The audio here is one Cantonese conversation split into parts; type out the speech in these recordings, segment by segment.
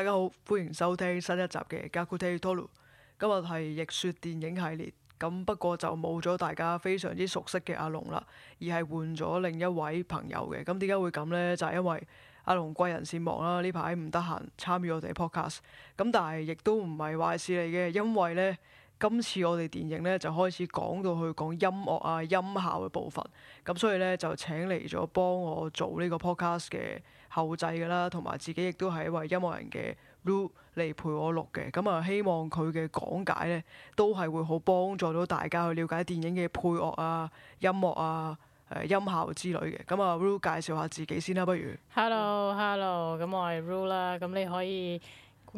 大家好，歡迎收聽新一集嘅《格古提托魯》。今日係逆說電影系列，咁不過就冇咗大家非常之熟悉嘅阿龍啦，而係換咗另一位朋友嘅。咁點解會咁呢？就係、是、因為阿龍貴人先忙啦，呢排唔得閒參與我哋嘅 podcast。咁但係亦都唔係壞事嚟嘅，因為呢。今次我哋電影呢，就開始講到去講音樂啊、音效嘅部分，咁所以呢，就請嚟咗幫我做呢個 podcast 嘅後製㗎啦，同埋自己亦都係一位音樂人嘅 RUE 嚟陪我錄嘅，咁啊希望佢嘅講解呢，都係會好幫助到大家去了解電影嘅配樂啊、音樂啊、誒、呃、音效之類嘅，咁啊 RUE 介紹下自己先啦，不如。Hello，Hello，咁 hello，我係 RUE 啦，咁你可以，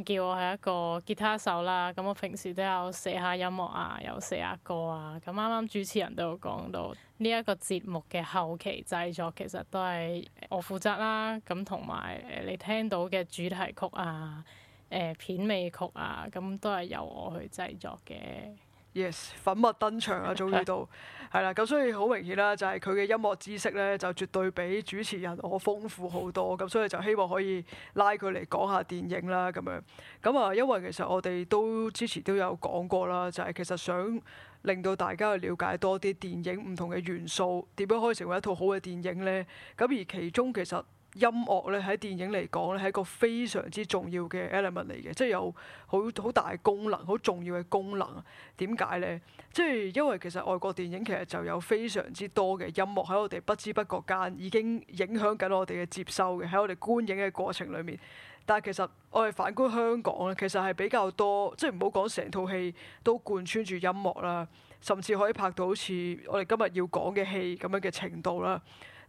叫我係一個吉他手啦，咁我平時都有寫下音樂啊，有寫下歌啊。咁啱啱主持人都有講到呢一個節目嘅後期製作其實都係我負責啦。咁同埋你聽到嘅主題曲啊、誒、欸、片尾曲啊，咁都係由我去製作嘅。Yes, 粉墨登場啊，終於到，係啦 Okay.，咁所以好明顯啦，就係佢嘅音樂知識呢，就絕對比主持人我豐富好多，咁所以就希望可以拉佢嚟講下電影啦，咁樣，咁啊，因為其實我哋都之前都有講過啦，就係其實想令到大家去了解多啲電影唔同嘅元素，點樣可以成為一套好嘅電影呢？咁而其中其實。音樂咧，喺電影嚟講咧，係一個非常之重要嘅 element 嚟嘅，即係有好好大嘅功能、好重要嘅功能。點解呢？即係因為其實外國電影其實就有非常之多嘅音樂喺我哋不知不覺間已經影響緊我哋嘅接收嘅喺我哋觀影嘅過程裡面。但係其實我哋反觀香港咧，其實係比較多，即係唔好講成套戲都貫穿住音樂啦，甚至可以拍到好似我哋今日要講嘅戲咁樣嘅程度啦。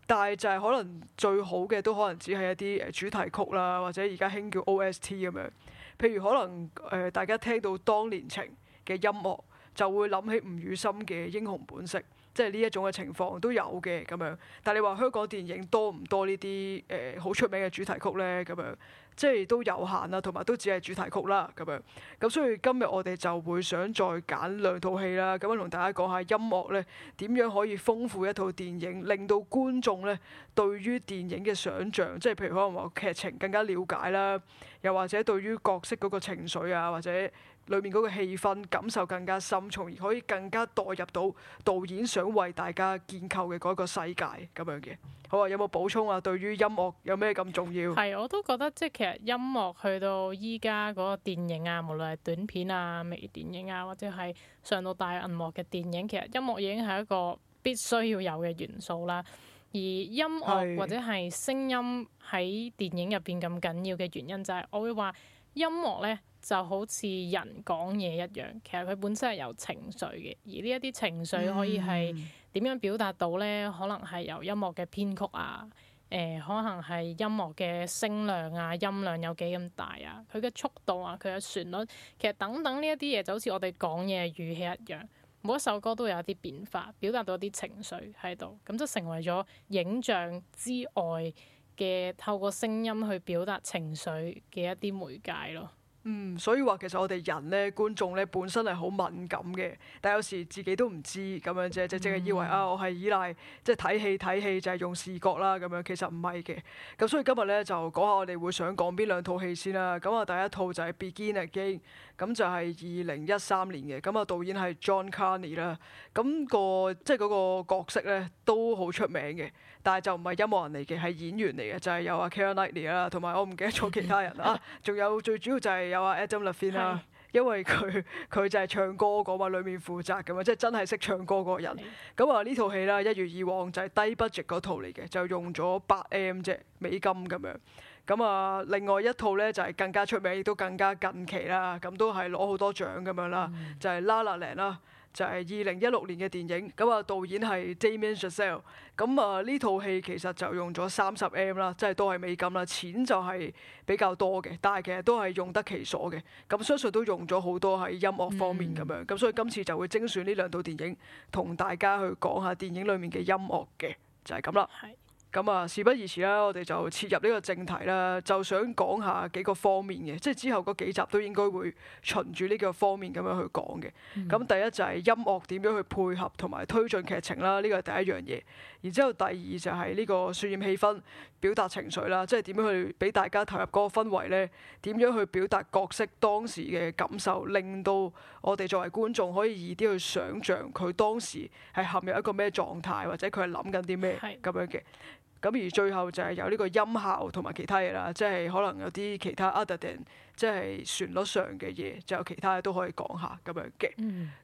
但係就係可能最好嘅都可能只係一啲誒主題曲啦，或者而家興叫 OST 咁樣。譬如可能誒大家聽到當年情嘅音樂，就會諗起吳宇森嘅英雄本色，即係呢一種嘅情況都有嘅咁樣。但係你話香港電影多唔多呢啲誒好出名嘅主題曲呢咁樣？即係都有限啦，同埋都只係主題曲啦，咁樣。咁所以今日我哋就會想再揀兩套戲啦，咁樣同大家講下音樂呢，點樣可以豐富一套電影，令到觀眾呢對於電影嘅想像，即係譬如可能話劇情更加了解啦，又或者對於角色嗰個情緒啊或者，裏面嗰個氣氛感受更加深，從而可以更加代入到導演想為大家建構嘅嗰個世界咁樣嘅。好啊，有冇補充啊？對於音樂有咩咁重要？係，我都覺得即係其實音樂去到依家嗰個電影啊，無論係短片啊、微電影啊，或者係上到大銀幕嘅電影，其實音樂已經係一個必須要有嘅元素啦。而音樂或者係聲音喺電影入邊咁緊要嘅原因就係，我會話音樂呢。就好似人講嘢一樣，其實佢本身係有情緒嘅。而呢一啲情緒可以係點樣表達到咧？可能係由音樂嘅編曲啊，誒、呃，可能係音樂嘅聲量啊，音量有幾咁大啊，佢嘅速度啊，佢嘅旋律，其實等等呢一啲嘢就好似我哋講嘢語氣一樣。每一首歌都有一啲變化，表達到一啲情緒喺度，咁就成為咗影像之外嘅透過聲音去表達情緒嘅一啲媒介咯。嗯，所以話其實我哋人咧，觀眾咧本身係好敏感嘅，但有時自己都唔知咁樣啫，即係淨係以為啊，我係依賴、嗯、即係睇戲睇戲就係用視覺啦咁樣，其實唔係嘅。咁所以今日咧就講下我哋會想講邊兩套戲先啦。咁啊，第一套就係《Begin Again》。咁就係二零一三年嘅，咁啊導演係 John Carney 啦、那個，咁個即係嗰個角色咧都好出名嘅，但係就唔係音樂人嚟嘅，係演員嚟嘅，就係、是、有阿 Keira Knightley 啦，同埋我唔記得咗其他人啊，仲 有最主要就係有阿 Adam Levine 啦。 因為佢佢就係唱歌嗰位裏面負責嘅嘛，即係真係識唱歌嗰人。咁 Okay. 啊呢套戲啦，一如以往就係低 budget 嗰套嚟嘅，就用咗八 M 啫美金咁樣。咁啊另外一套呢，就係、係、更加出名，亦都更加近期啦，咁都係攞好多獎咁樣啦，mm hmm. 就係《La La Land》啦。就係二零一六年嘅電影，咁啊導演係 Damien Chazelle，咁啊呢套戲其實就用咗三十 M 啦，即係都係美金啦，錢就係比較多嘅，但係其實都係用得其所嘅，咁相信都用咗好多喺音樂方面咁樣，咁、嗯、所以今次就會精選呢兩套電影同大家去講下電影裡面嘅音樂嘅，就係咁啦。咁啊，事不宜遲啦，我哋就切入呢個正題啦，就想講下幾個方面嘅，即係之後嗰幾集都應該會循住呢個方面咁樣去講嘅。咁、mm hmm. 第一就係音樂點樣去配合同埋推進劇情啦，呢個係第一樣嘢。然之後第二就係呢個渲染氣氛、表達情緒啦，即係點樣去俾大家投入嗰個氛圍呢？點樣去表達角色當時嘅感受，令到我哋作為觀眾可以易啲去想像佢當時係陷入一個咩狀態，或者佢係諗緊啲咩咁樣嘅？咁而最後就係有呢個音效同埋其他嘢啦，即係可能有啲其他 other thing 即係旋律上嘅嘢，就有其他嘢都可以講下咁樣嘅。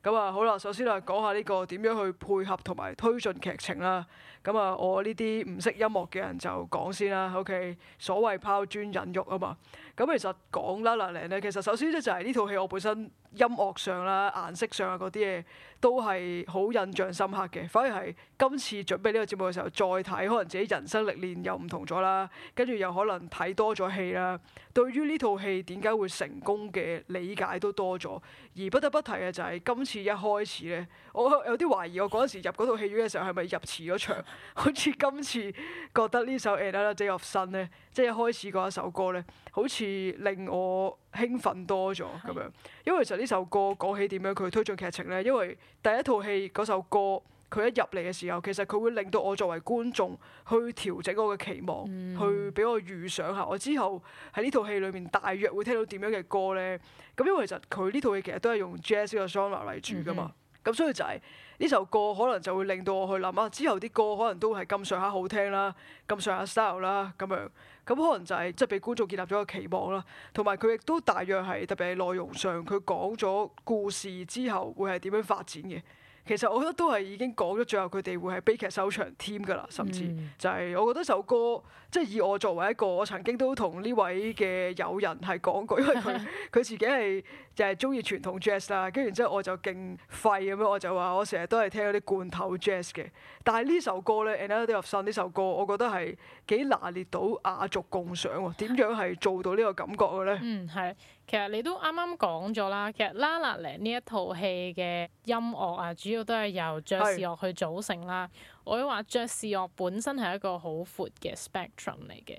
咁啊、嗯，好啦，首先啊，講下呢個點樣去配合同埋推進劇情啦。咁啊，我呢啲唔識音樂嘅人就講先啦。OK，所謂拋磚引玉啊嘛。咁其實講啦嗱，嚟咧，其實首先咧就係呢套戲我本身音樂上啦、顏色上啊嗰啲嘢都係好印象深刻嘅。反而係今次準備呢個節目嘅時候再睇，可能自己人生歷練又唔同咗啦，跟住又可能睇多咗戲啦。對於呢套戲點。點解會成功嘅理解都多咗，而不得不提嘅就係今次一開始呢。我有啲懷疑我嗰陣時入嗰套戲院嘅時候係咪入遲咗場，好似今次覺得呢首《Another Day of Sun》呢，即係一開始嗰一首歌呢，好似令我興奮多咗咁樣，因為其實呢首歌講起點樣佢推進劇情呢，因為第一套戲嗰首歌。佢一入嚟嘅時候，其實佢會令到我作為觀眾去調整我嘅期望，mm hmm. 去俾我預想下我之後喺呢套戲裏面大約會聽到點樣嘅歌呢？咁因為其實佢呢套戲其實都係用 jazz 嘅 sampler 嚟住㗎嘛，咁、mm hmm. 所以就係呢首歌可能就會令到我去諗啊，之後啲歌可能都係咁上下好聽啦，咁上下 style 啦咁樣，咁可能就係即係俾觀眾建立咗個期望啦。同埋佢亦都大約係特別喺內容上，佢講咗故事之後會係點樣發展嘅。其實我覺得都係已經講咗，最後佢哋會係悲劇收場添㗎啦，甚至就係我覺得首歌，即係以我作為一個，我曾經都同呢位嘅友人係講過，因為佢佢 自己係。就係中意傳統 jazz 啦，跟住之後我就勁廢咁樣，我就話我成日都係聽嗰啲罐頭 jazz 嘅。但係呢首歌咧，Another Day of Sun 呢首歌，我覺得係幾拿捏到雅俗共賞喎。點樣係做到呢個感覺嘅咧？嗯，係。其實你都啱啱講咗啦，其實《La La Land》呢一套戲嘅音樂啊，主要都係由爵士樂去組成啦。是我要話爵士樂本身係一個好闊嘅 spectrum 嚟嘅。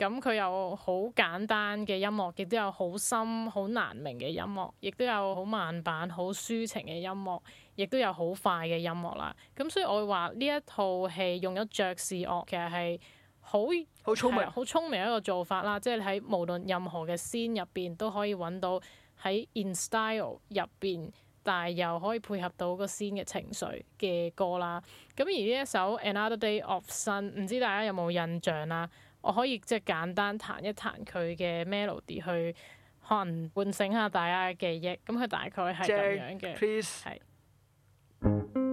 咁佢有好簡單嘅音樂，亦都有好深、好難明嘅音樂，亦都有好慢板、好抒情嘅音樂，亦都有好快嘅音樂啦。咁所以我會話呢一套戲用咗爵士樂，其實係好好聰明、好聰明一個做法啦。即係喺無論任何嘅 scene 入邊都可以揾到喺 in style 入邊，但係又可以配合到個 scene 嘅情緒嘅歌啦。咁而呢一首 Another Day of Sun，唔知大家有冇印象啦？我可以即係簡單彈一彈佢嘅 melody，去可能喚醒下大家嘅記憶。咁佢大概係咁樣嘅，係 Jack, please.。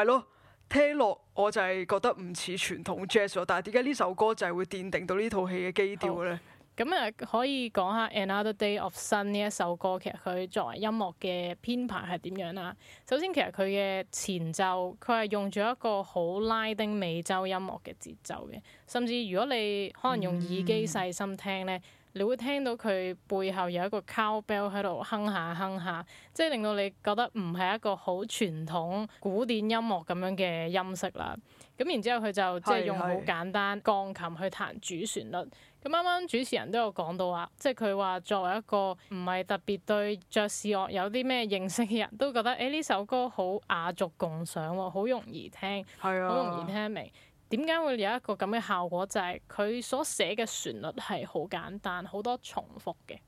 係咯，聽落我就係覺得唔似傳統 jazz 但係點解呢首歌就係會奠定到呢套戲嘅基調咧？咁啊，可以講下 Another Day of Sun 呢一首歌，其實佢作為音樂嘅編排係點樣啦。首先，其實佢嘅前奏，佢係用咗一個好拉丁美洲音樂嘅節奏嘅，甚至如果你可能用耳機細心聽咧。嗯你會聽到佢背後有一個 cowbell 喺度哼下哼下，即係令到你覺得唔係一個好傳統古典音樂咁樣嘅音色啦。咁然之後佢就即係用好簡單鋼琴去彈主旋律。咁啱啱主持人都有講到話，即係佢話作為一個唔係特別對爵士樂有啲咩認識嘅人都覺得，誒呢首歌好雅俗共賞喎，好容易聽，係啊，好容易聽明。點解會有一個咁嘅效果？就係佢所寫嘅旋律係好簡單，好多重複嘅，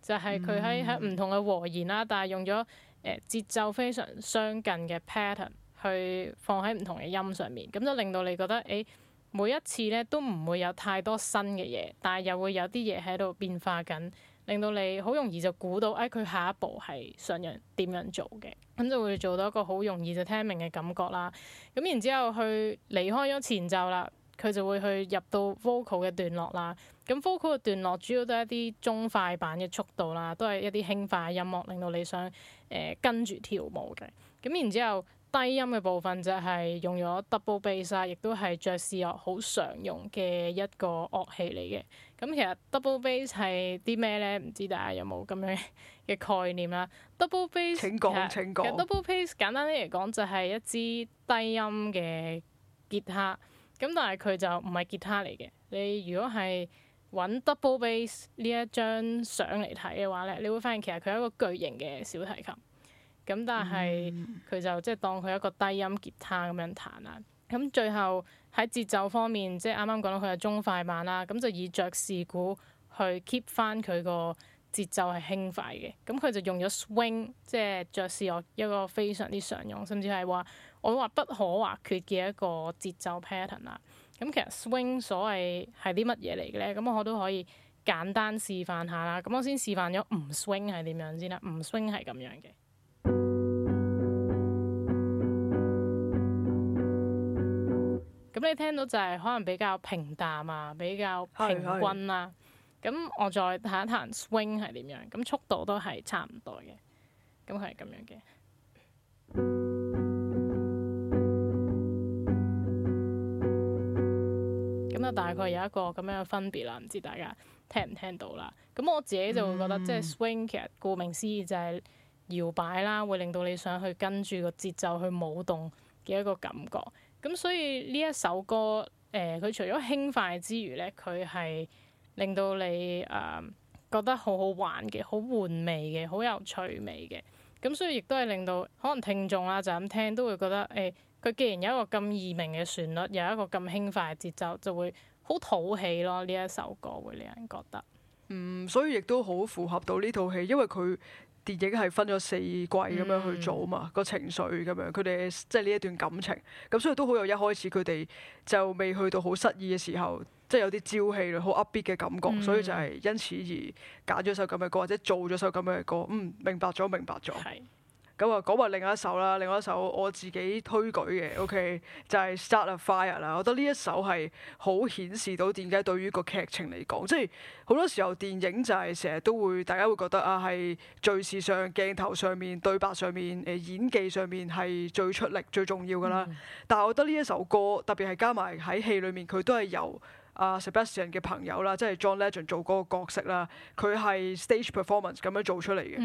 就係佢喺喺唔同嘅和弦啦，嗯、但係用咗誒、呃、節奏非常相近嘅 pattern 去放喺唔同嘅音上面，咁就令到你覺得誒每一次咧都唔會有太多新嘅嘢，但係又會有啲嘢喺度變化緊。令到你好容易就估到，誒、哎、佢下一步係想樣點樣做嘅，咁就會做到一個好容易就聽明嘅感覺啦。咁然之後去，去離開咗前奏啦，佢就會去入到 vocal 嘅段落啦。咁 vocal 嘅段落主要都係一啲中快板嘅速度啦，都係一啲輕快嘅音樂令到你想誒、呃、跟住跳舞嘅。咁然之後，低音嘅部分就係用咗 double bass，亦都係爵士樂好常用嘅一個樂器嚟嘅。咁其實 double bass 係啲咩呢？唔知大家有冇咁樣嘅概念啦。double bass 請講請講。其實 double bass 簡單啲嚟講就係一支低音嘅吉他。咁但係佢就唔係吉他嚟嘅。你如果係揾 double bass 呢一張相嚟睇嘅話呢，你會發現其實佢係一個巨型嘅小提琴。咁但係佢就即係當佢一個低音吉他咁樣彈啦。咁、嗯、最後。喺節奏方面，即係啱啱講到佢係中快慢啦，咁就以爵士鼓去 keep 翻佢個節奏係輕快嘅，咁佢就用咗 swing，即係爵士樂一個非常之常用，甚至係話我話不可或缺嘅一個節奏 pattern 啦。咁其實 swing 所謂係啲乜嘢嚟嘅咧？咁我都可以簡單示範下啦。咁我先示範咗唔 swing 係點樣先啦。唔 swing 係咁樣嘅。你聽到就係可能比較平淡啊，比較平均啦、啊。咁 Yes, yes. 我再彈一彈 swing 係點樣，咁速度都係差唔多嘅。咁係咁樣嘅。咁啊，大概有一個咁樣嘅分別啦，唔知大家聽唔聽到啦。咁我自己就會覺得，即係 swing、mm. 其實顧名思義就係搖擺啦，會令到你想去跟住個節奏去舞動嘅一個感覺。咁所以呢一首歌，誒、呃、佢除咗輕快之餘呢，佢係令到你誒、呃、覺得好好玩嘅，好玩味嘅，好有趣味嘅。咁所以亦都係令到可能聽眾啊就咁聽都會覺得，誒、欸、佢既然有一個咁易明嘅旋律，有一個咁輕快嘅節奏，就會好討喜咯。呢一首歌會令人覺得，嗯，所以亦都好符合到呢套戲，因為佢。電影係分咗四季咁樣去做啊嘛，個、嗯、情緒咁樣，佢哋即係呢一段感情，咁所以都好有一開始佢哋就未去到好失意嘅時候，即、就、係、是、有啲朝氣好 upbeat 嘅感覺，嗯、所以就係因此而揀咗首咁嘅歌，或者做咗首咁嘅歌，嗯，明白咗，明白咗，係。咁啊，講埋另一首啦，另一首我自己推舉嘅，OK，就係《Start a Fire》啦。我覺得呢一首係好顯示到點解對於個劇情嚟講，即係好多時候電影就係成日都會，大家會覺得啊，係敘事上、鏡頭上面、對白上面、誒演技上面係最出力、最重要㗎啦。嗯、但係我覺得呢一首歌，特別係加埋喺戲裡面，佢都係由。啊，uh，Sebastian 嘅朋友啦，即係 John Legend 做嗰個角色啦，佢係 stage performance 咁樣做出嚟嘅。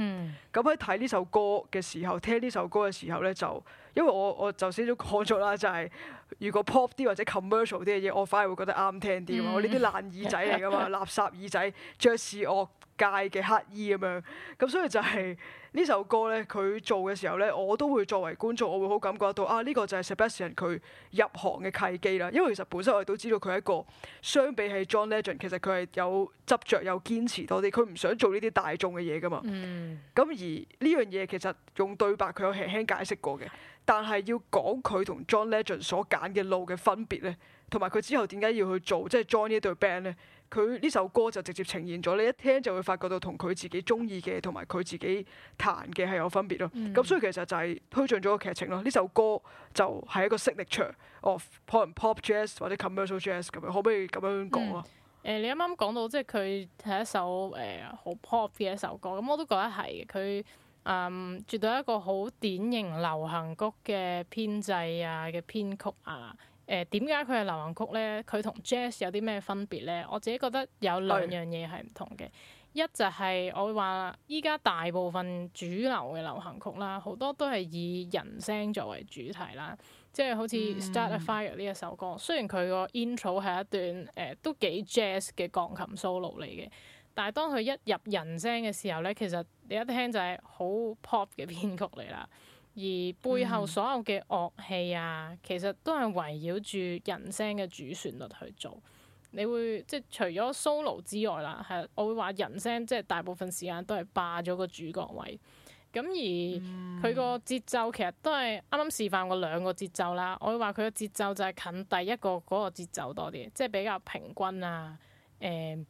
咁喺睇呢首歌嘅時候，聽呢首歌嘅時候咧，就因為我我就先都講咗啦，就係。如果 pop 啲或者 commercial 啲嘅嘢，我反而會覺得啱聽啲。我呢啲爛耳仔嚟噶嘛。 垃圾耳仔，爵士樂界嘅乞衣咁樣。咁所以就係呢首歌咧，佢做嘅時候咧，我都會作為觀眾，我會好感覺得到啊，呢、這個就係 Savage 人佢入行嘅契機啦。因為其實本身我哋都知道佢係一個相比係 John Legend，其實佢係有執着又堅持多啲。佢唔想做呢啲大眾嘅嘢噶嘛。嗯。咁而呢樣嘢其實用對白佢有輕輕解釋過嘅，但係要講佢同 John Legend 所嘅路嘅分別咧，同埋佢之後點解要去做即係 join 呢隊 band 咧？佢呢首歌就直接呈現咗，你一聽就會發覺到同佢自己中意嘅同埋佢自己彈嘅係有分別咯。咁所以其實就係推進咗個劇情咯。呢首歌就係一個 signature，哦，可能 pop jazz 或者 commercial jazz 咁樣，可唔可以咁樣講啊？誒，你啱啱講到即係佢係一首誒好 pop 嘅一首歌，咁我都覺得係佢。嗯，um, 絕對一個好典型流行曲嘅編制啊，嘅編曲啊，誒點解佢係流行曲呢？佢同 jazz 有啲咩分別呢？我自己覺得有兩樣嘢係唔同嘅，對一就係、是、我會話啦，依家大部分主流嘅流行曲啦，好多都係以人聲作為主題啦，即係好似 Start a Fire 呢一首歌，嗯、雖然佢個 intro 係一段誒、呃、都幾 jazz 嘅鋼琴 solo 嚟嘅。但係當佢一入人聲嘅時候咧，其實你一聽就係好 pop 嘅編曲嚟啦。而背後所有嘅樂器啊，嗯、其實都係圍繞住人聲嘅主旋律去做。你會即係除咗 solo 之外啦，係我會話人聲即係、就是、大部分時間都係霸咗個主角位。咁而佢個節奏其實都係啱啱示範過兩個節奏啦。我會話佢嘅節奏就係近第一個嗰個節奏多啲，即係比較平均啊，誒、嗯。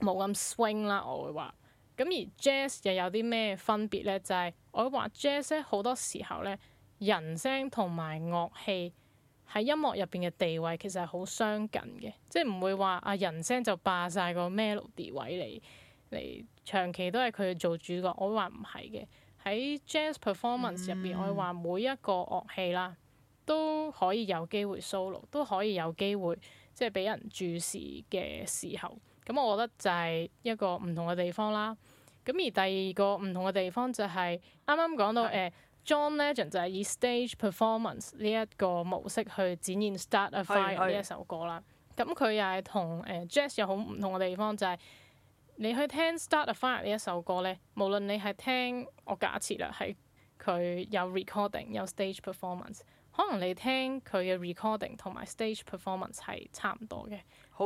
冇咁 swing 啦，我會話。咁而 jazz 又有啲咩分別咧？就係我會話 jazz 咧，好多時候咧，人聲同埋樂器喺音樂入邊嘅地位其實係好相近嘅，即係唔會話啊人聲就霸晒個 melody 位嚟嚟，長期都係佢做主角。我會話唔係嘅，喺 jazz performance 入邊，嗯、我會話每一個樂器啦，都可以有機會 solo，都可以有機會即係俾人注視嘅時候。咁、嗯、我覺得就係一個唔同嘅地方啦。咁而第二個唔同嘅地方就係啱啱講到誒的、呃、John Legend 就係以 stage performance 呢一個模式去展現《Start a Fire》呢一首歌啦。咁佢又係同誒 Jazz 有好唔同嘅地方，就係、是、你去聽《Start a Fire》呢一首歌咧，無論你係聽我假設啦，係佢有 recording 有 stage performance。可能你聽佢嘅 recording 同埋 stage performance 係差唔多嘅，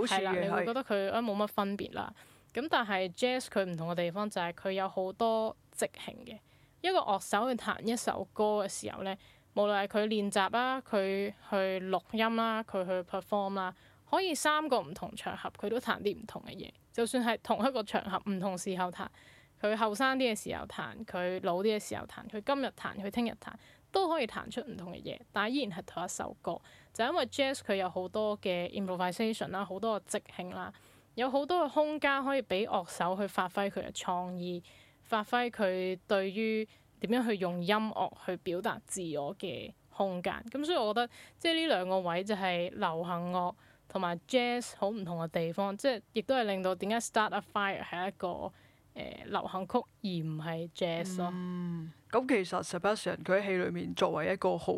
係啦，你會覺得佢啊冇乜分別啦。咁但係 jazz 佢唔同嘅地方就係、是、佢有好多即興嘅一個樂手去彈一首歌嘅時候咧，無論係佢練習啦、佢去錄音啦，佢去 perform 啦，可以三個唔同場合佢都彈啲唔同嘅嘢。就算係同一個場合唔同時候彈，佢後生啲嘅時候彈，佢老啲嘅時候彈，佢今日彈，佢聽日彈。都可以彈出唔同嘅嘢，但係依然係同一首歌，就係因為 jazz 佢有好多嘅 improvisation 啦，好多嘅即興啦，有好多嘅空間可以俾樂手去發揮佢嘅創意，發揮佢對於點樣去用音樂去表達自我嘅空間。咁所以我覺得即係呢兩個位就係流行樂同埋 jazz 好唔同嘅地方，即係亦都係令到點解《Start a Fire》係一個誒、呃、流行曲而唔係 jazz 咯、嗯。咁其實 Sebastian 佢喺戲裏面作為一個好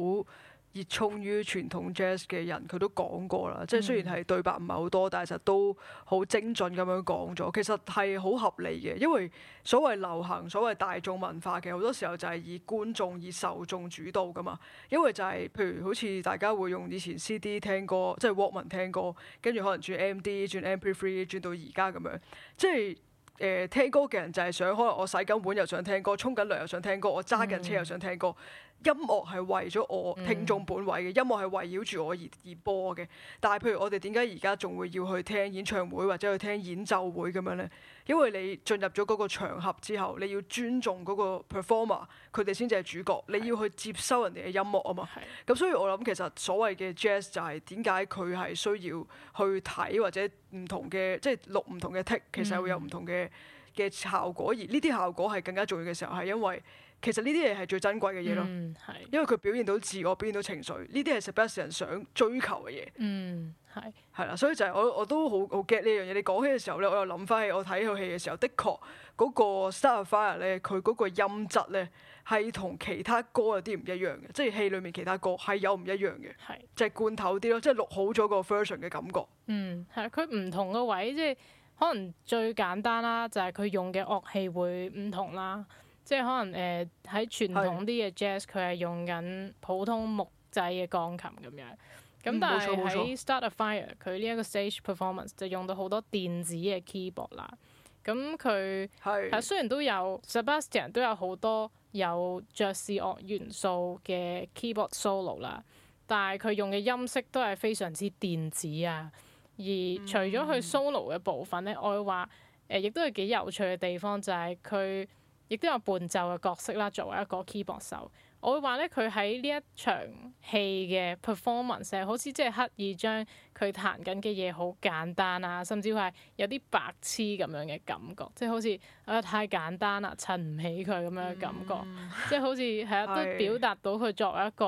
熱衷於傳統 jazz 嘅人，佢都講過啦。即係雖然係對白唔係好多，但係實都好精準咁樣講咗。其實係好合理嘅，因為所謂流行、所謂大眾文化，嘅好多時候就係以觀眾、以受眾主導噶嘛。因為就係、是、譬如好似大家會用以前 CD 聽歌，即係 Walkman 聽歌，跟住可能轉 MD、轉 MP3、轉到而家咁樣，即係。誒聽歌嘅人就係想，可能我洗緊碗又想聽歌，沖緊涼又想聽歌，我揸緊車又想聽歌。嗯音樂係為咗我聽眾本位嘅，音樂係圍繞住我而而播嘅。但係，譬如我哋點解而家仲會要去聽演唱會或者去聽演奏會咁樣呢？因為你進入咗嗰個場合之後，你要尊重嗰個 performer，佢哋先至係主角。你要去接收人哋嘅音樂啊嘛。咁的所以我諗其實所謂嘅 jazz 就係點解佢係需要去睇或者唔同嘅即係錄唔同嘅 take 其實會有唔同嘅嘅、嗯、效果。而呢啲效果係更加重要嘅時候係因為。其實呢啲嘢係最珍貴嘅嘢咯，嗯、因為佢表現到自我，表現到情緒，呢啲係不少人想追求嘅嘢。嗯，係係啦，所以就係我我都好好 get 呢樣嘢。你講起嘅時候咧，我又諗翻起我睇套戲嘅時候，的確嗰個 Start a Fire 咧，佢嗰個音質咧係同其他歌有啲唔一樣嘅，即係戲裡面其他歌係有唔一樣嘅，係就係罐頭啲咯，即係錄好咗個 version 嘅感覺。嗯，係佢唔同嘅位，即係可能最簡單啦，就係佢用嘅樂器會唔同啦。即係可能誒，喺、呃、傳統啲嘅 jazz，佢係用緊普通木製嘅鋼琴咁樣。咁、嗯、但係是喺、嗯、Start a Fire，佢呢一個 stage performance 就用到好多電子嘅 keyboard 啦。咁佢係雖然都有 Sebastian e 都有好多有爵士樂元素嘅 keyboard solo 啦，但係佢用嘅音色都係非常之電子啊。而除咗佢 solo 嘅部分咧，嗯、我會話，誒、呃，亦都係幾有趣嘅地方就係佢，亦都有伴奏嘅角色啦，作為一個 keyboard 手，我會話咧，佢喺呢一場戲嘅 performance，好似即係刻意將佢彈緊嘅嘢好簡單啊，甚至話有啲白痴咁樣嘅感覺，即係好似啊太簡單啦，襯唔起佢咁樣嘅感覺，嗯、即係好似係啊，是都表達到佢作為一個，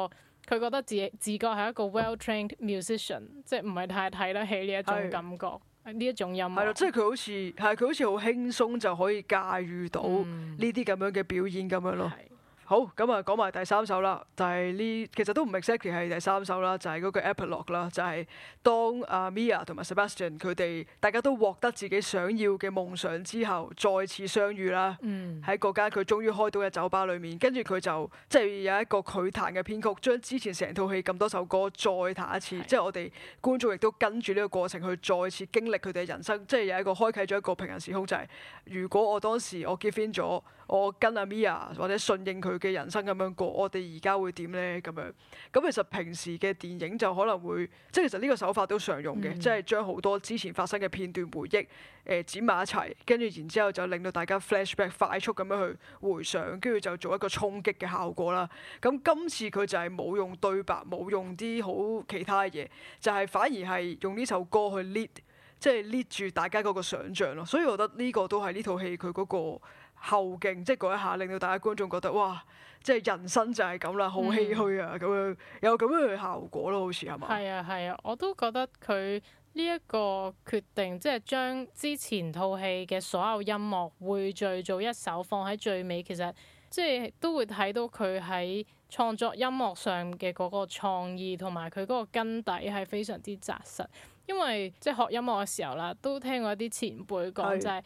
佢覺得自己自覺係一個 well-trained musician，即係唔係太睇得起呢一種感覺。呢一種音樂咯，即係佢好似係，佢好似好輕鬆就可以駕馭到呢啲咁樣嘅表演咁樣咯。嗯。好咁啊，嗯、講埋第三首啦，就係、是、呢，其實都唔 exactly 係第三首啦，就係、是、嗰個 epilogue 啦，就係、是、當阿 Mia 同埋 Sebastian 佢哋大家都獲得自己想要嘅夢想之後，再次相遇啦。喺嗰間佢終於開到嘅酒吧裡面，跟住佢就即係、就是、有一個佢彈嘅編曲，將之前成套戲咁多首歌再彈一次。即係是的 我哋觀眾亦都跟住呢個過程去再次經歷佢哋嘅人生，即、就、係、是、有一個開啟咗一個平行時空，就係、是、如果我當時我 give in 咗。我跟阿 Mia 或者順應佢嘅人生咁樣過，我哋而家會點呢？咁樣？咁其實平時嘅電影就可能會，即係其實呢個手法都常用嘅，即係、嗯、哼將好多之前發生嘅片段回憶、呃、剪埋一齊，跟住然之後就令到大家 flashback 快速咁樣去回想，跟住就做一個衝擊嘅效果啦。咁今次佢就係冇用對白，冇用啲好其他嘢，就係、是、反而係用呢首歌去 lead，即係 lead 住大家嗰個想像咯。所以我覺得呢個都係呢套戲佢嗰、那個。後勁即係嗰一下，令到大家觀眾覺得哇！即係人生就係咁啦，好唏噓啊咁、嗯、樣有咁嘅效果咯，好似係嘛？係啊，係啊，我都覺得佢呢一個決定，即係將之前套戲嘅所有音樂匯聚做一首，放喺最尾，其實即係都會睇到佢喺創作音樂上嘅嗰個創意同埋佢嗰個根底係非常之扎實。因為即係學音樂嘅時候啦，都聽過一啲前輩講就係。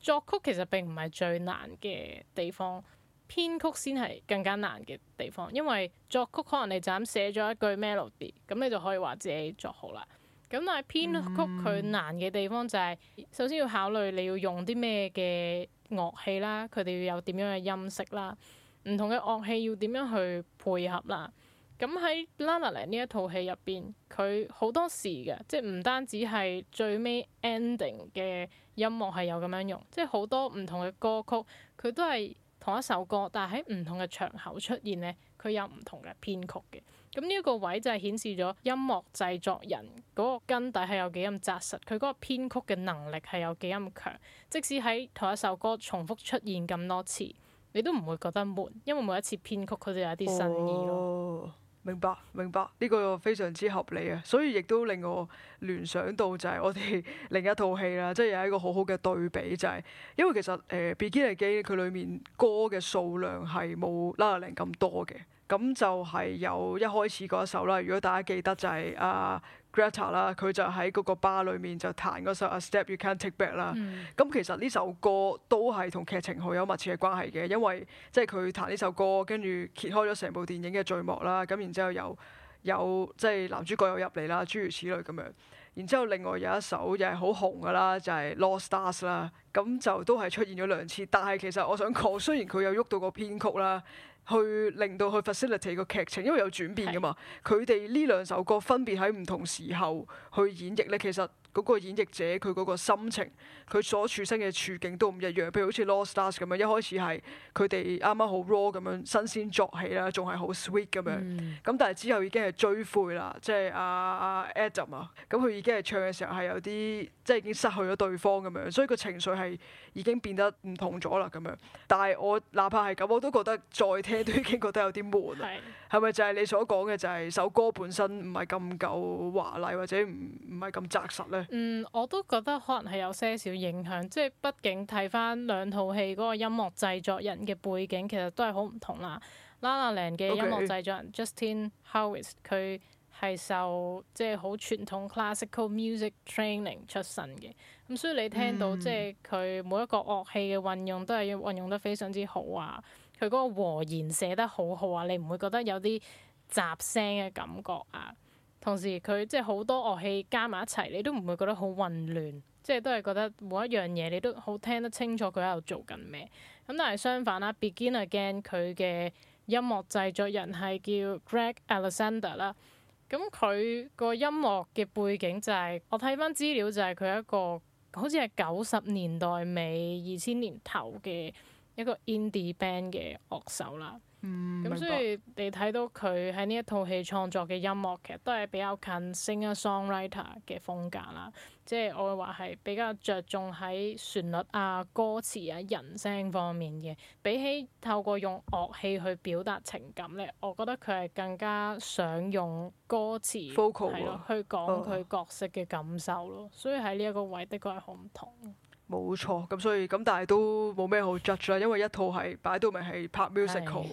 作曲其實並唔係最難嘅地方，編曲先係更加難嘅地方。因為作曲可能你就咁寫咗一句 melody，咁你就可以話自己作好啦。咁但係編曲佢難嘅地方就係、是，嗯、首先要考慮你要用啲咩嘅樂器啦，佢哋要有點樣嘅音色啦，唔同嘅樂器要點樣去配合啦。咁喺《La La Land》呢一套戲入邊，佢好多時嘅，即係唔單止係最尾 ending 嘅音樂係有咁樣用，即係好多唔同嘅歌曲，佢都係同一首歌，但係喺唔同嘅場口出現呢，佢有唔同嘅編曲嘅。咁呢一個位就係顯示咗音樂製作人嗰個根底係有幾咁紮實，佢嗰個編曲嘅能力係有幾咁強。即使喺同一首歌重複出現咁多次，你都唔會覺得悶，因為每一次編曲佢都有啲新意咯。Oh. 明白，明白，呢、這個非常之合理啊！所以亦都令我聯想到就係我哋另一套戲啦，即、就、係、是、有一個好好嘅對比、就是，就係因為其實誒《Begin Again》佢裡面歌嘅數量係冇《La La Land》咁多嘅，咁就係有一開始嗰一首啦。如果大家記得就係、是、啊。啦，佢就喺嗰個吧裏面就彈嗰首 A Step You Can't Take Back 啦。咁其實呢首歌都係同劇情好有密切嘅關係嘅，因為即係佢彈呢首歌，跟住揭開咗成部電影嘅序幕啦。咁然之後有。有即係男主角有入嚟啦，諸如此類咁樣。然之後另外有一首又係好紅嘅啦，就係、是《Lost Stars》啦，咁就都係出現咗兩次。但係其實我想講，雖然佢有喐到個編曲啦，去令到佢 facilitate 個劇情，因為有轉變嘅嘛。佢哋呢兩首歌分別喺唔同時候去演繹呢，其實。嗰個演繹者佢嗰個心情，佢所處身嘅處境都唔一樣。譬如好似《Lost Stars》咁樣，一開始係佢哋啱啱好 raw 咁樣新鮮作起啦，仲係好 sweet 咁樣。咁、mm. 但係之後已經係追悔啦，即係阿阿 Adam 啊，咁佢已經係唱嘅時候係有啲即係已經失去咗對方咁樣，所以個情緒係已經變得唔同咗啦咁樣。但係我哪怕係咁，我都覺得再聽都已經覺得有啲悶啦。 係咪就係你所講嘅？就係首歌本身唔係咁夠華麗，或者唔唔係咁紮實咧？嗯，我都覺得可能係有些少影響。即係畢竟睇翻兩套戲嗰個音樂製作人嘅背景，其實都係好唔同啦。La La Land 嘅音樂製作人 Okay. Justin Hurwitz，佢係受即係好傳統 classical music training 出身嘅。咁、嗯、所以你聽到即係佢每一個樂器嘅運用都係運用得非常之好啊。佢嗰個和弦寫得好好啊，你唔會覺得有啲雜聲嘅感覺啊。同時佢即係好多樂器加埋一齊，你都唔會覺得好混亂，即係都係覺得每一樣嘢你都好聽得清楚佢喺度做緊咩。咁但係相反啦，Begin Again 佢嘅音樂製作人係叫 Greg Alexander 啦。咁佢個音樂嘅背景就係，我睇翻資料就係佢一個好似係九十年代尾二千年頭嘅。一個 indie band 嘅樂手啦，咁、嗯、所以你睇到佢喺呢一套戲創作嘅音樂，其實都係比較近 singer-songwriter 嘅風格啦。即係我會話係比較着重喺旋律啊、歌詞啊、人聲方面嘅，比起透過用樂器去表達情感咧，我覺得佢係更加想用歌詞係咯對啦，去講佢角色嘅感受咯。Oh. 所以喺呢一個位，的確係好唔同。冇錯咁，所以咁，但係都冇咩好 judge 啦，因為一套係擺到明係拍 musical，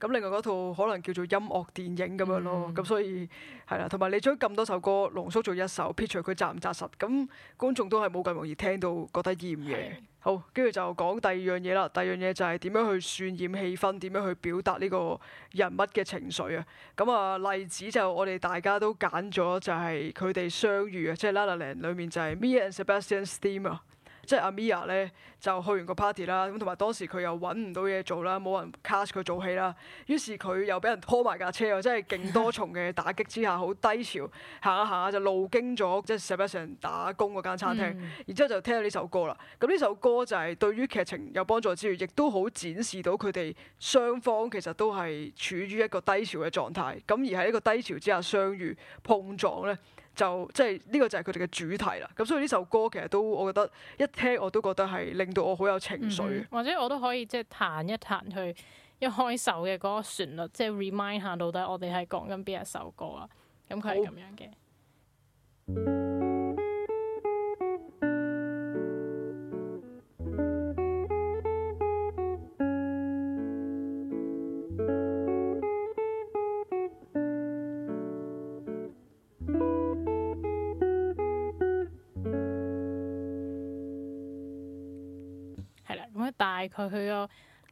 咁的另外嗰套可能叫做音樂電影咁樣咯。咁、嗯、所以係啦，同埋你將咁多首歌濃縮做一首，撇除，佢扎唔扎實，咁觀眾都係冇咁容易聽到覺得厭嘅。的好，跟住就講第二樣嘢啦。第二樣嘢就係點樣去渲染氣氛，點樣去表達呢個人物嘅情緒啊？咁啊，例子就我哋大家都揀咗就係佢哋相遇啊，即係《La La Land》裏面就係《Mia and Sebastian's Theme》啊。即係阿 Mia 咧就去完個 party 啦，咁同埋當時佢又揾唔到嘢做啦，冇人 cast 佢做戲啦，於是佢又俾人拖埋架車，又真係勁多重嘅打擊之下，好低潮，行下行下就路經咗即係 Sebastian 打工嗰間餐廳，嗯、然之後就聽到呢首歌啦。咁呢首歌就係對於劇情有幫助之餘，亦都好展示到佢哋雙方其實都係處於一個低潮嘅狀態。咁而喺一個低潮之下相遇碰撞呢。就即係呢，這個就係佢哋嘅主題啦。咁所以呢首歌其實都我覺得一聽我都覺得係令到我好有情緒，嗯、或者我都可以即係彈一彈去一開首嘅嗰個旋律，即係 remind 下到底我哋係講緊邊一首歌啊。咁佢係咁樣嘅。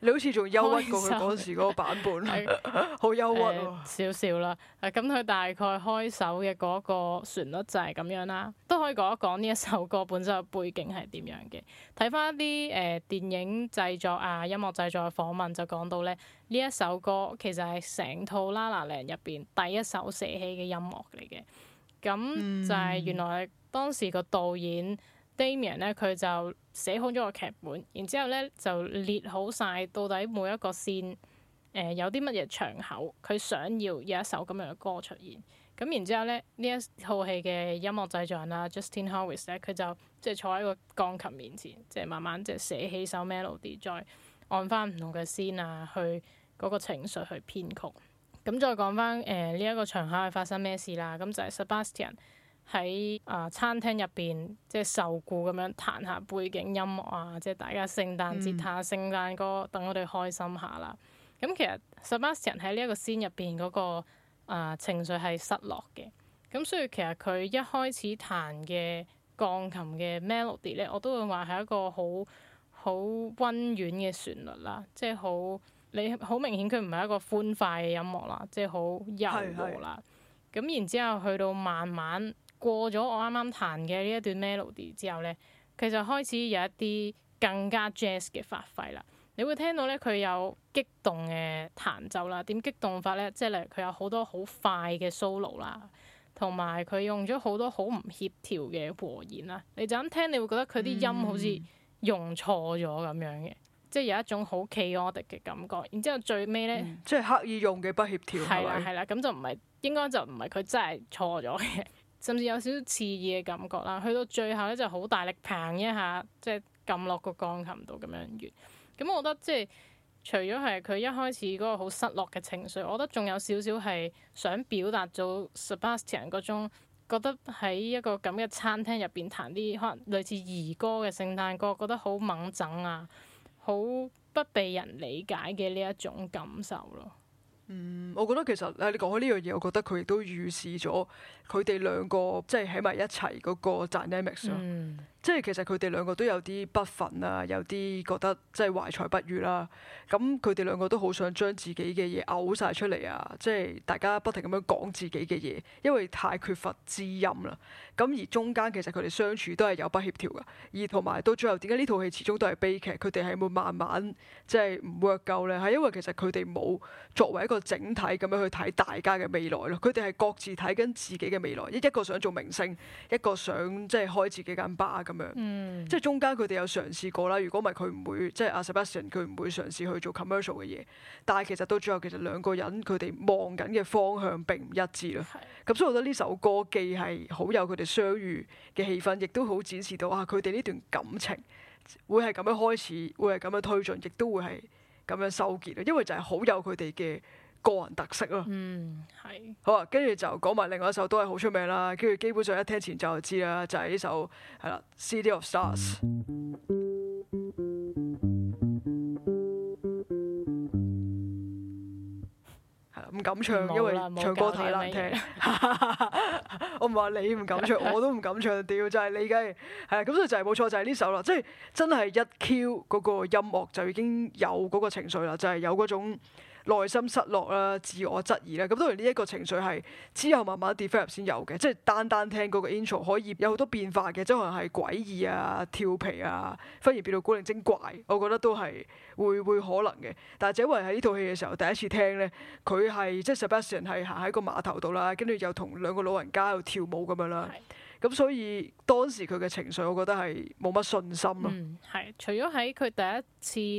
你好似仲憂鬱過佢嗰時嗰個版本，好憂鬱、啊呃、少少啦。咁佢大概開首嘅嗰個旋律就係咁樣啦，都可以講一講呢一首歌本身嘅背景係點樣嘅。睇翻一啲誒、呃、電影製作啊、音樂製作嘅訪問就講到咧，呢一首歌其實係成套《La La Land》入邊第一首寫起嘅音樂嚟嘅。咁就係原來當時個導演，嗯嗯 Damien 呢，佢就寫好咗個劇本，然之後呢，就列好晒到底每一個線、呃，誒有啲乜嘢場口，佢想要有一首咁樣嘅歌出現。咁然之後呢，一戲呢一套戲嘅音樂製作人啦，Justin Hurwitz 咧，佢就即係坐喺個鋼琴面前，即係慢慢即係寫起首 melody，再按翻唔同嘅線啊，去、那、嗰個情緒去編曲。咁再講翻誒呢一個場口係發生咩事啦？咁就係 Sebastian。喺啊、呃、餐廳入邊，即係受僱咁樣彈下背景音樂啊，即係大家聖誕節彈下、嗯、聖誕歌，等我哋開心下啦。咁、嗯、其實 Sebastian 喺呢一個 scene 入邊嗰個啊、呃、情緒係失落嘅，咁、嗯、所以其實佢一開始彈嘅鋼琴嘅 melody 咧，我都會話係一個好好溫軟嘅旋律啦，即係好你好明顯佢唔係一個歡快嘅音樂啦，即係好柔和啦。咁然之後去到慢慢。過咗我啱啱彈嘅呢一段 melody 之後呢，佢就開始有一啲更加 jazz 嘅發揮啦。你會聽到呢，佢有激動嘅彈奏啦。點激動法呢？即係例如佢有好多好快嘅 solo 啦，同埋佢用咗好多好唔協調嘅和弦啦。你就咁聽，你會覺得佢啲音好似用錯咗咁樣嘅，嗯、即係有一種好 chordic 嘅感覺。然之後最尾呢，即係、嗯就是、刻意用嘅不協調，係啦係啦，咁、啊啊、就唔係應該就唔係佢真係錯咗嘅。甚至有少少刺耳嘅感覺啦，去到最後咧就好大力嘭一下，即係撳落個鋼琴度咁樣完。咁我覺得即係除咗係佢一開始嗰個好失落嘅情緒，我覺得仲有少少係想表達咗 Sebastian 人嗰種覺得喺一個咁嘅餐廳入邊彈啲可能類似兒歌嘅聖誕歌，覺得好掹整啊，好不被人理解嘅呢一種感受咯。嗯，我覺得其實誒，你講開呢樣嘢，我覺得佢亦都預示咗佢哋兩個即係喺埋一齊嗰個 dynamics 咯。嗯即係其實佢哋兩個都有啲不忿啊，有啲覺得即係懷才不遇啦，啊。咁佢哋兩個都好想將自己嘅嘢嘔晒出嚟啊，即係大家不停咁樣講自己嘅嘢，因為太缺乏知音啦。咁而中間其實佢哋相處都係有不協調嘅，而同埋到最後點解呢套戲始終都係悲劇，佢哋係會慢慢即係唔會 work 咧，係因為其實佢哋冇作為一個整體咁樣去睇大家嘅未來咯。佢哋係各自睇緊自己嘅未來，一一個想做明星，一個想即係開自己間 bar 咁。咁樣，嗯、即係中間佢哋有嘗試過啦。如果唔係佢唔會，即係阿 Sebastian 佢唔會嘗試去做 commercial 嘅嘢。但係其實到最後，其實兩個人佢哋望緊嘅方向並唔一致咯。咁是的 所以我覺得呢首歌既係好有佢哋相遇嘅氣氛，亦都好展示到啊，佢哋呢段感情會係咁樣開始，會係咁樣推進，亦都會係咁樣收結咯。因為就係好有佢哋嘅個人特色咯，嗯，係好啊。跟住就講埋另外一首都係好出名啦。跟住基本上一聽前就知、就係、啦，就係呢首係啦，《City of Stars》係啦，唔敢唱，因為唱歌太、哎、難聽。 我唔話你唔敢唱，我都唔敢唱。屌，就係、係、你梗係係咁所以就係冇錯，就係、係、呢首啦。即係真係一 Q 嗰個音樂就已經有嗰個情緒啦，就係、係、有嗰種。內心失落啦，自我質疑啦，咁當然呢一個情緒係之後慢慢 develop 先有嘅，即係單單聽嗰個 intro 可以有好多變化嘅，即可能係詭異啊、跳皮啊，忽然變到古靈精怪，我覺得都係會會可能嘅。但係謝偉喺呢套戲嘅時候第一次聽呢，佢係即係 Sebastian 係行喺個碼頭度啦，跟住又同兩個老人家喺度跳舞咁樣啦。咁所以當時佢嘅情緒，我覺得係冇乜信心咯。係，除咗喺佢第一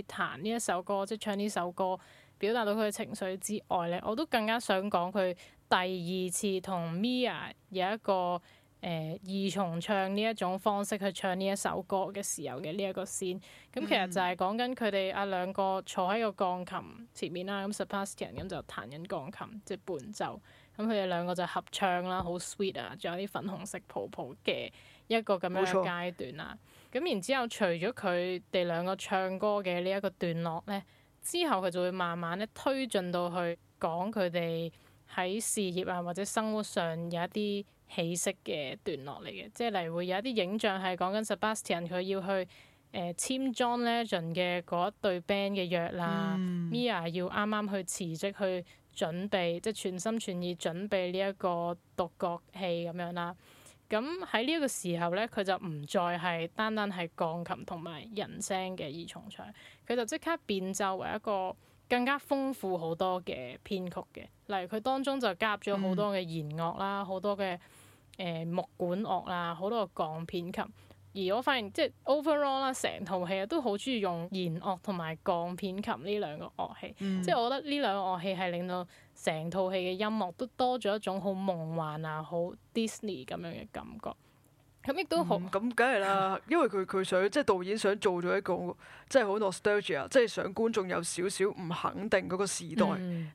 次彈呢一首歌，即係唱呢首歌。表達到佢嘅情緒之外咧，我都更加想講佢第二次同 Mia 有一個誒、呃、二重唱呢一種方式去唱呢一首歌嘅時候嘅呢一個 scene。咁其實就係講緊佢哋阿兩個坐喺個鋼琴前面啦，咁、嗯、Sebastian、嗯、咁就彈緊鋼琴即係、就是、伴奏，咁佢哋兩個就合唱啦，好 sweet 啊！仲有啲粉紅色泡泡嘅一個咁樣嘅階段啦。咁錯然之後，除咗佢哋兩個唱歌嘅呢一個段落咧。之後佢就會慢慢咧推進到去講佢哋喺事業啊或者生活上有一啲起色嘅段落嚟嘅，即係例如會有一啲影像係講緊 Sebastian 佢要去誒、呃、簽 John Legend 嘅嗰一對 band 嘅約啦、嗯、Mia 要啱啱去辭職去準備即係、就是、全心全意準備呢一個獨角戲咁樣啦。咁喺呢一個時候咧，佢就唔再係單單係鋼琴同埋人聲嘅二重唱，佢就即刻變奏為一個更加豐富好多嘅編曲嘅。例如佢當中就加入咗好多嘅弦樂啦，好多嘅誒、呃、木管樂啦，好多嘅鋼片琴。而我發現，即係 overall 啦，成套戲都好中意用弦樂同埋鋼片琴呢兩個樂器，嗯、即係我覺得呢兩個樂器係令到成套戲嘅音樂都多咗一種好夢幻啊、好 Disney 咁樣嘅感覺。咁亦都好，咁梗係啦，因為佢佢想即係導演想做咗一個即係好 nostalgia，即係想觀眾有少少唔肯定嗰個時代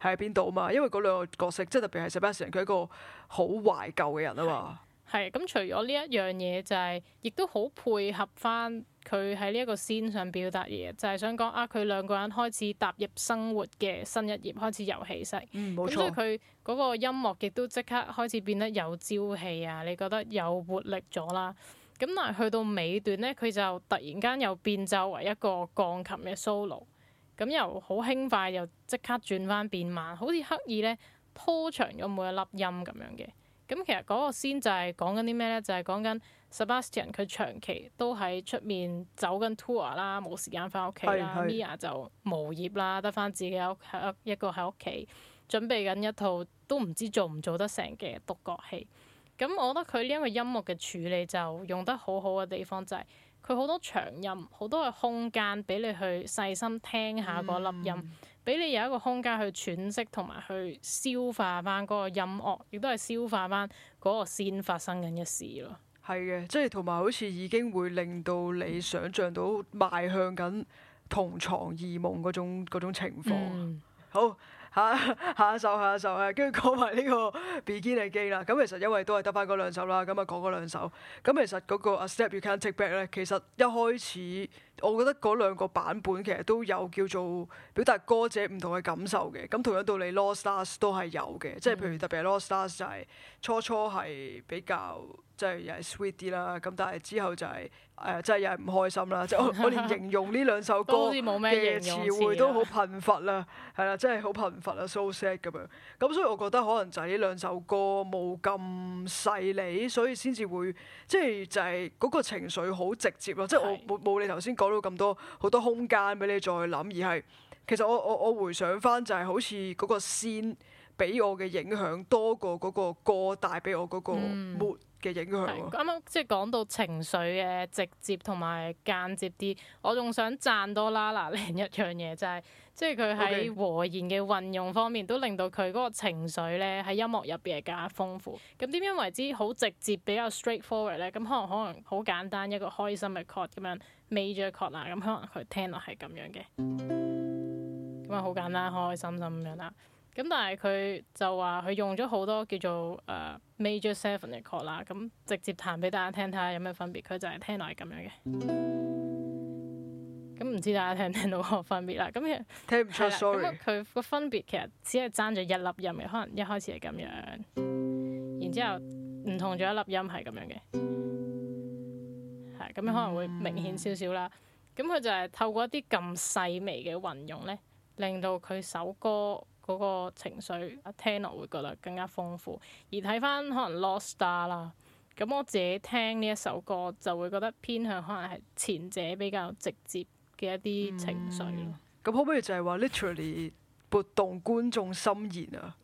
喺邊度嘛。嗯、因為嗰兩個角色，即係特別係 Sebastian，佢係一個好懷舊嘅人啊嘛。係咁，除咗呢一樣嘢，就係亦都好配合翻佢喺呢一個線上表達嘢，就係、是、想講啊，佢兩個人開始踏入生活嘅新一頁，開始有起勢。嗯，冇錯。咁所以佢嗰個音樂亦都即刻開始變得有朝氣啊，你覺得有活力咗啦。咁但係去到尾段咧，佢就突然間又變作為一個鋼琴嘅 solo，咁由好輕快，又即刻轉翻變慢，好似刻意咧拖長咗每一粒音咁樣嘅。咁其實嗰個 scene 就係講緊啲咩呢？就係、是、講緊 Sebastian 佢長期都喺出面走緊 tour 啦，冇時間翻屋企啦。Mia 就無業啦，得翻自己喺屋一個喺屋企準備緊一套都唔知做唔做得成嘅獨角戲。咁我覺得佢呢一個音樂嘅處理就用得好好嘅地方就係佢好多長音，好多嘅空間俾你去細心聽下嗰粒音。嗯嗯俾你有一個空間去喘息同埋去消化翻嗰個音樂，亦都係消化翻嗰個先發生緊嘅事咯。係嘅，即係同埋好似已經會令到你想像到邁向緊同床異夢嗰種嗰種情況。嗯好，下下一首下一首啊，跟住講埋呢個 Begin Again 啦。咁其實因為都係得返嗰兩首啦，咁啊講嗰兩首。咁其實嗰個、A、Step You Can't Take Back 咧，其實一開始我覺得嗰兩個版本其實都有叫做表達歌者唔同嘅感受嘅。咁同樣道理，Lost Stars 都係有嘅，即係譬如特別係 Lost Stars 就係、是、初初係比較。即係又係 sweet 啲啦，咁但係之後就係、是、誒，即、呃、係又係唔開心啦。就 我連形容呢兩首歌嘅詞彙都好貧乏啦，係啦， 真係好貧乏啊 ，so sad 咁樣。咁所以我覺得可能就係呢兩首歌冇咁細膩，所以先至會即係就係、是、嗰個情緒好直接咯。即係是我冇冇你頭先講到咁多好多空間俾你再諗，而係其實我我我回想翻，就係好似嗰個先俾我嘅影響多過嗰個歌帶俾我嗰個 嘅影響喎，啱啱即係講到情緒嘅直接同埋間接啲，我仲想贊多啦嗱，另一樣嘢就係、是，即係佢喺和弦嘅運用方面，都令到佢嗰個情緒咧喺音樂入邊更加豐富。咁點樣為之好直接比較 straightforward 咧？咁可能可能好簡單一個開心嘅 chord 咁樣 major chord 啦，咁可能佢聽落係咁樣嘅，咁啊好簡單開開心心咁樣啦。咁但係佢就話佢用咗好多叫做、uh, major seven 嘅 core 啦。咁直接彈俾大家聽，睇下有咩分別。佢就係聽落係咁樣嘅。咁唔知大家聽唔聽到個分別啦？咁聽唔出了，sorry。佢個分別其實只係爭咗一粒音嘅，可能一開始係咁樣，然之後唔同咗一粒音係咁樣嘅，係咁樣可能會明顯少少啦。咁佢就係透過一啲咁細微嘅運用咧，令到佢首歌。嗰個情緒聽落會覺得更加豐富，而睇翻可能《Lost Star》啦，咁我自己聽呢一首歌就會覺得偏向可能係前者比較直接嘅一啲情緒咯。咁可唔可以就係話 literally 撥動觀眾心弦啊？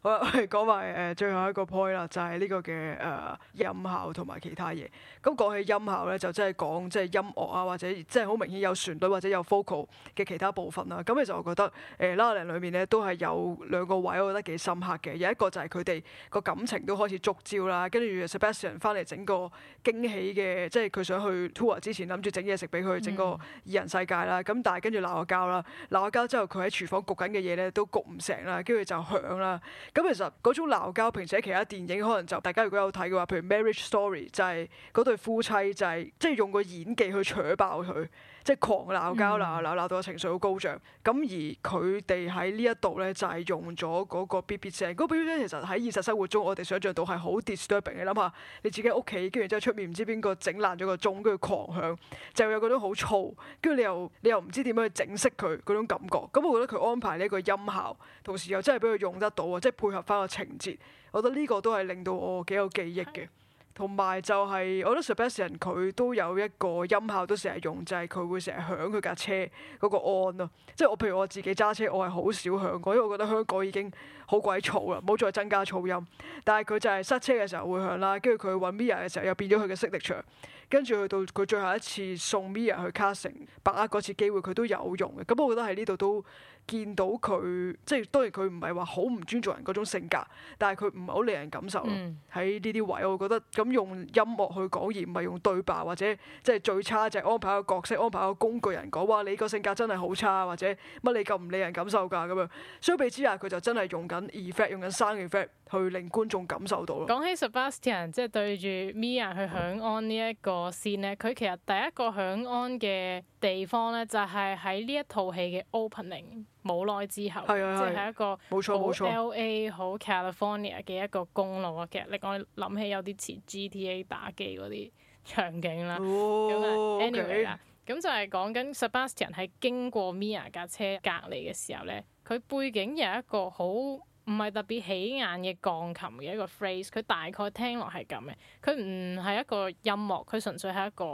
好啦， 講埋誒最後一個 point 啦，就係、是、呢個嘅誒、呃、音效同埋其他嘢。咁講起音效咧，就真係講即係音樂啊，或者即係好明顯有旋律或者有 vocal 嘅其他部分啦。咁其實我覺得誒《呃、La La 裏面咧都係有兩個位，我覺得幾深刻嘅。有一個就係佢哋個感情都開始觸礁啦，跟住 Sebastian 翻嚟整個驚喜嘅，即係佢想去 tour 之前諗住整嘢食俾佢整個二人世界啦。咁但係跟住鬧咗交啦，鬧咗交之後佢喺廚房焗緊嘅嘢咧都焗唔成啦，跟住就啦，咁其實嗰種鬧交，平時喺其他電影可能就大家如果有睇嘅話，譬如《Marriage Story》，就係嗰對夫妻就係即係用個演技去扯爆佢。即係狂鬧交啦，鬧鬧到我情緒好高漲。咁、嗯、而佢哋喺呢一度呢，就係、是、用咗嗰個 B B 聲。嗰、那個 B B 聲其實喺現實生活中，我哋想象到係好 disturbing。你諗下，你自己屋企，跟住之後出面唔知邊個整爛咗個鐘，跟住狂響，就有嗰種好燥，跟住你又你又唔知點樣去整熄佢嗰種感覺。咁我覺得佢安排呢個音效，同時又真係俾佢用得到啊，即係配合返個情節。我覺得呢個都係令到我幾有記憶嘅。嗯同埋就係，我覺得 Sebastian 佢都有一個音效都成日用，就係、是、佢會成日響佢架車嗰個 on 咯。即係我譬如我自己揸車，我係好少響過，因為我覺得香港已經好鬼嘈啦，唔好再增加噪音。但係佢就係塞車嘅時候會響啦，跟住佢揾 Mia 嘅時候又變咗佢嘅識力場，跟住去到佢最後一次送 Mia 去 casting，把握嗰次機會佢都有用嘅。咁我覺得喺呢度都。見到佢，即係當然佢唔係話好唔尊重人嗰種性格，但係佢唔係好理人感受咯。喺呢啲位，我覺得咁用音樂去講而唔係用對白或者即係最差就係安排個角色、安排個工具人講哇，你個性格真係好差，或者乜你咁唔理人感受㗎咁樣。相比之下，佢就真係用緊 effect、用緊聲嘅 effect 去令觀眾感受到咯。講起 Sebastian 即係對住 Mia 去響安呢一個 scene 呢、嗯，佢其實第一個響安嘅地方呢，就係喺呢一套戲嘅 opening。冇耐之後，是是是即係一個好 LA 好冇錯 California 嘅一個公路啊！冇錯其實令我諗起有啲似 GTA 打機嗰啲場景啦。咁啊，anyway 啦，咁就係講緊 Sebastian 喺經過 Mia 架車隔離嘅時候呢，佢背景有一個好唔係特別起眼嘅鋼琴嘅一個 phrase。佢大概聽落係咁嘅，佢唔係一個音樂，佢純粹係一個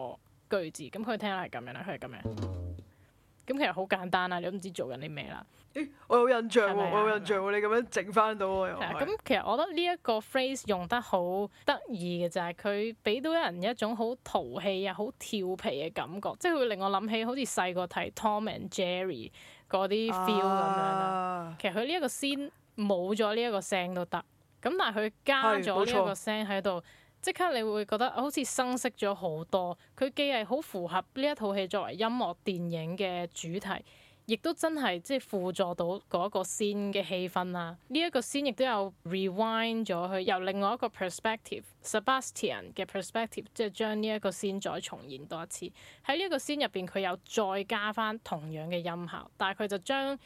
句子。咁佢聽落係咁樣啦，佢係咁樣。咁其實好簡單啦，你都唔知做緊啲咩啦。誒、欸，我有印象喎，是是我有印象喎， 你咁樣整翻到我又係啊，咁其實我覺得呢一個 phrase 用得好得意嘅就係佢俾到人一種好淘氣啊、好調皮嘅感覺，即係會令我諗起好似細個睇 Tom and Jerry 嗰啲 feel 咁樣啦、啊。其實佢呢一個 scene 冇咗呢一個聲都得，咁但係佢加咗呢個聲喺度。即刻你會覺得好似生色咗好多。佢既係好符合呢一套戲作為音樂電影嘅主題，亦都真係即係輔助到嗰一個仙嘅氣氛啦。呢、這、一個仙亦都有 rewind 咗佢，由另外一個 perspective，Sebastian 嘅 perspective，即係將呢一個仙再重現多一次。喺呢一個仙入邊，佢有再加翻同樣嘅音效，但係佢就將。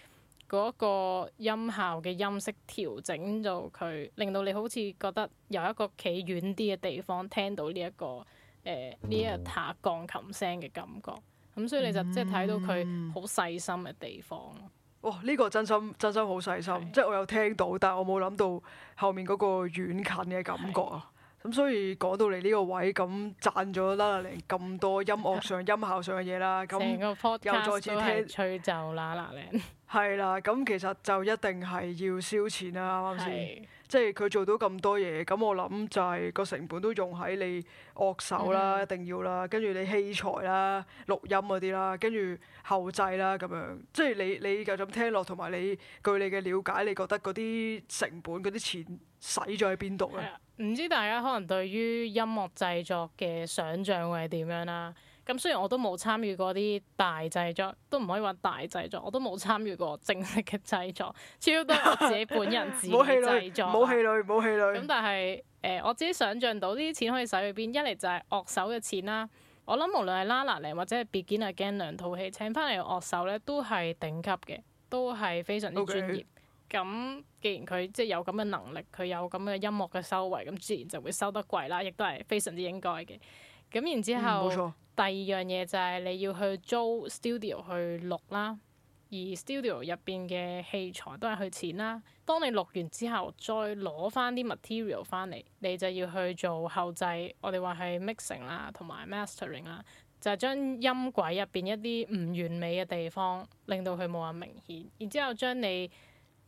嗰個音效嘅音色調整到佢，令到你好似覺得有一個企遠啲嘅地方聽到呢、這個呃 oh. 一個誒呢一個彈鋼琴聲嘅感覺。咁所以你就即係睇到佢好細心嘅地方。哇！呢、這個真心真心好細心，是即係我有聽到，但我冇諗到後面嗰個遠近嘅感覺啊！咁是所以講到你呢個位咁讚咗 La La Land 咁多音樂上 音效上嘅嘢啦，咁又再次聽取就 La La Land。係啦，咁其實就一定係要燒錢啦，啱、啊、先。即係佢做到咁多嘢，咁我諗就係個成本都用喺你樂手啦，嗯、一定要啦。跟住你器材啦、錄音嗰啲啦、跟住後製啦咁樣。即係你你就咁聽落同埋你據你嘅了解，你覺得嗰啲成本嗰啲錢使咗喺邊度啊？唔知大家可能對於音樂製作嘅想像會係點樣啦？咁雖然我都冇參與過啲大製作，都唔可以話大製作，我都冇參與過正式嘅製作，超多我自己本人自己製作。冇氣餒，冇氣餒，咁但係誒、呃，我自己想象到呢啲錢可以使去邊？一嚟就係樂手嘅錢啦。我諗無論係《La La Land》或者係《Begin Again》兩套戲請返嚟嘅樂手咧，都係頂級嘅，都係非常之專業。咁 Okay. 既然佢即係有咁嘅能力，佢有咁嘅音樂嘅修為，咁自然就會收得貴啦，亦都係非常之應該嘅。咁然之後冇、嗯、錯。第二樣嘢就係你要去租 studio 去錄啦，而 studio 入邊嘅器材都係去錢啦。當你錄完之後，再攞翻啲 material 翻嚟，你就要去做後製。我哋話係 mixing 啦，同埋 mastering 啦，就係、是、將音軌入邊一啲唔完美嘅地方，令到佢冇咁明顯，然之後將你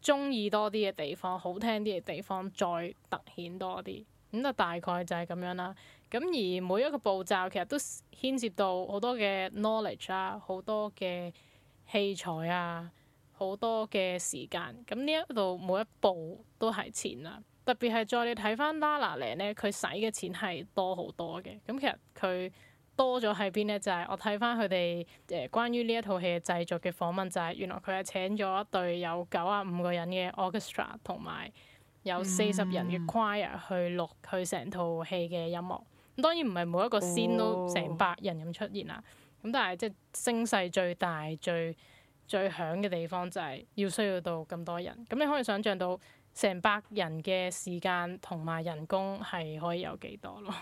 中意多啲嘅地方，好聽啲嘅地方再突顯多啲，咁就大概就係咁樣啦。咁而每一個步驟其實都牽涉到好多嘅 knowledge 啦、啊，好多嘅器材啊，好多嘅時間。咁呢一度每一步都係錢啦、啊。特別係再你睇翻《La La Land》咧，佢使嘅錢係多好多嘅。咁其實佢多咗喺邊咧？就係、是、我睇翻佢哋誒關於呢一套戲嘅製作嘅訪問，就係、是、原來佢係請咗一隊有九啊五個人嘅 orchestra 同埋有四十人嘅 choir 去錄佢成套戲嘅音樂。咁當然唔係每一個 scene 都成百人咁出現啦，咁、oh. 但係即係聲勢最大、最最響嘅地方就係要需要到咁多人，咁你可以想象到成百人嘅時間同埋人工係可以有幾多咯。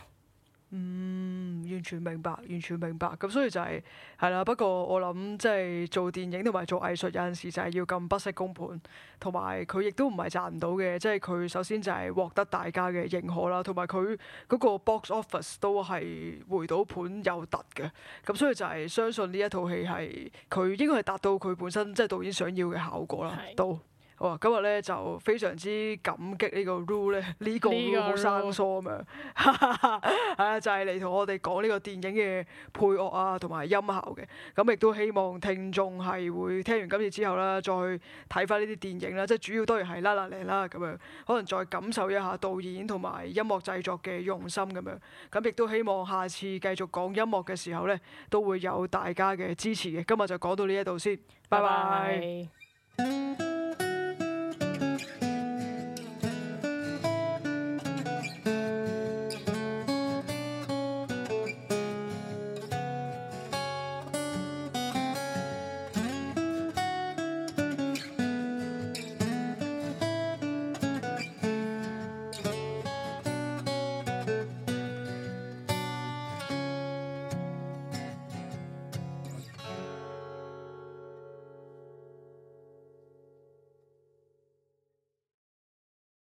嗯，完全明白，完全明白。咁所以就係、係，係啦。不過我諗即係做電影同埋做藝術有陣時就係要咁不惜工盤，同埋佢亦都唔係賺唔到嘅。即係佢首先就係獲得大家嘅認可啦，同埋佢嗰個 box office 都係回到盤有突嘅。咁所以就係相信呢一套戲係佢應該係達到佢本身即係、就係、導演想要嘅效果啦。的到。今日咧就非常之感激呢個 rule 咧，呢個好生疏咁樣，係啊，就係嚟同我哋講呢個電影嘅配樂啊，同埋音效嘅。咁亦都希望聽眾係會聽完今次之後啦，再睇翻呢啲電影啦，即係主要當然係《La La Land》咁樣，可能再感受一下導演同埋音樂製作嘅用心咁樣。咁亦都希望下次繼續講音樂嘅時候咧，都會有大家嘅支持嘅。今日就講到呢一度先，拜拜。拜拜。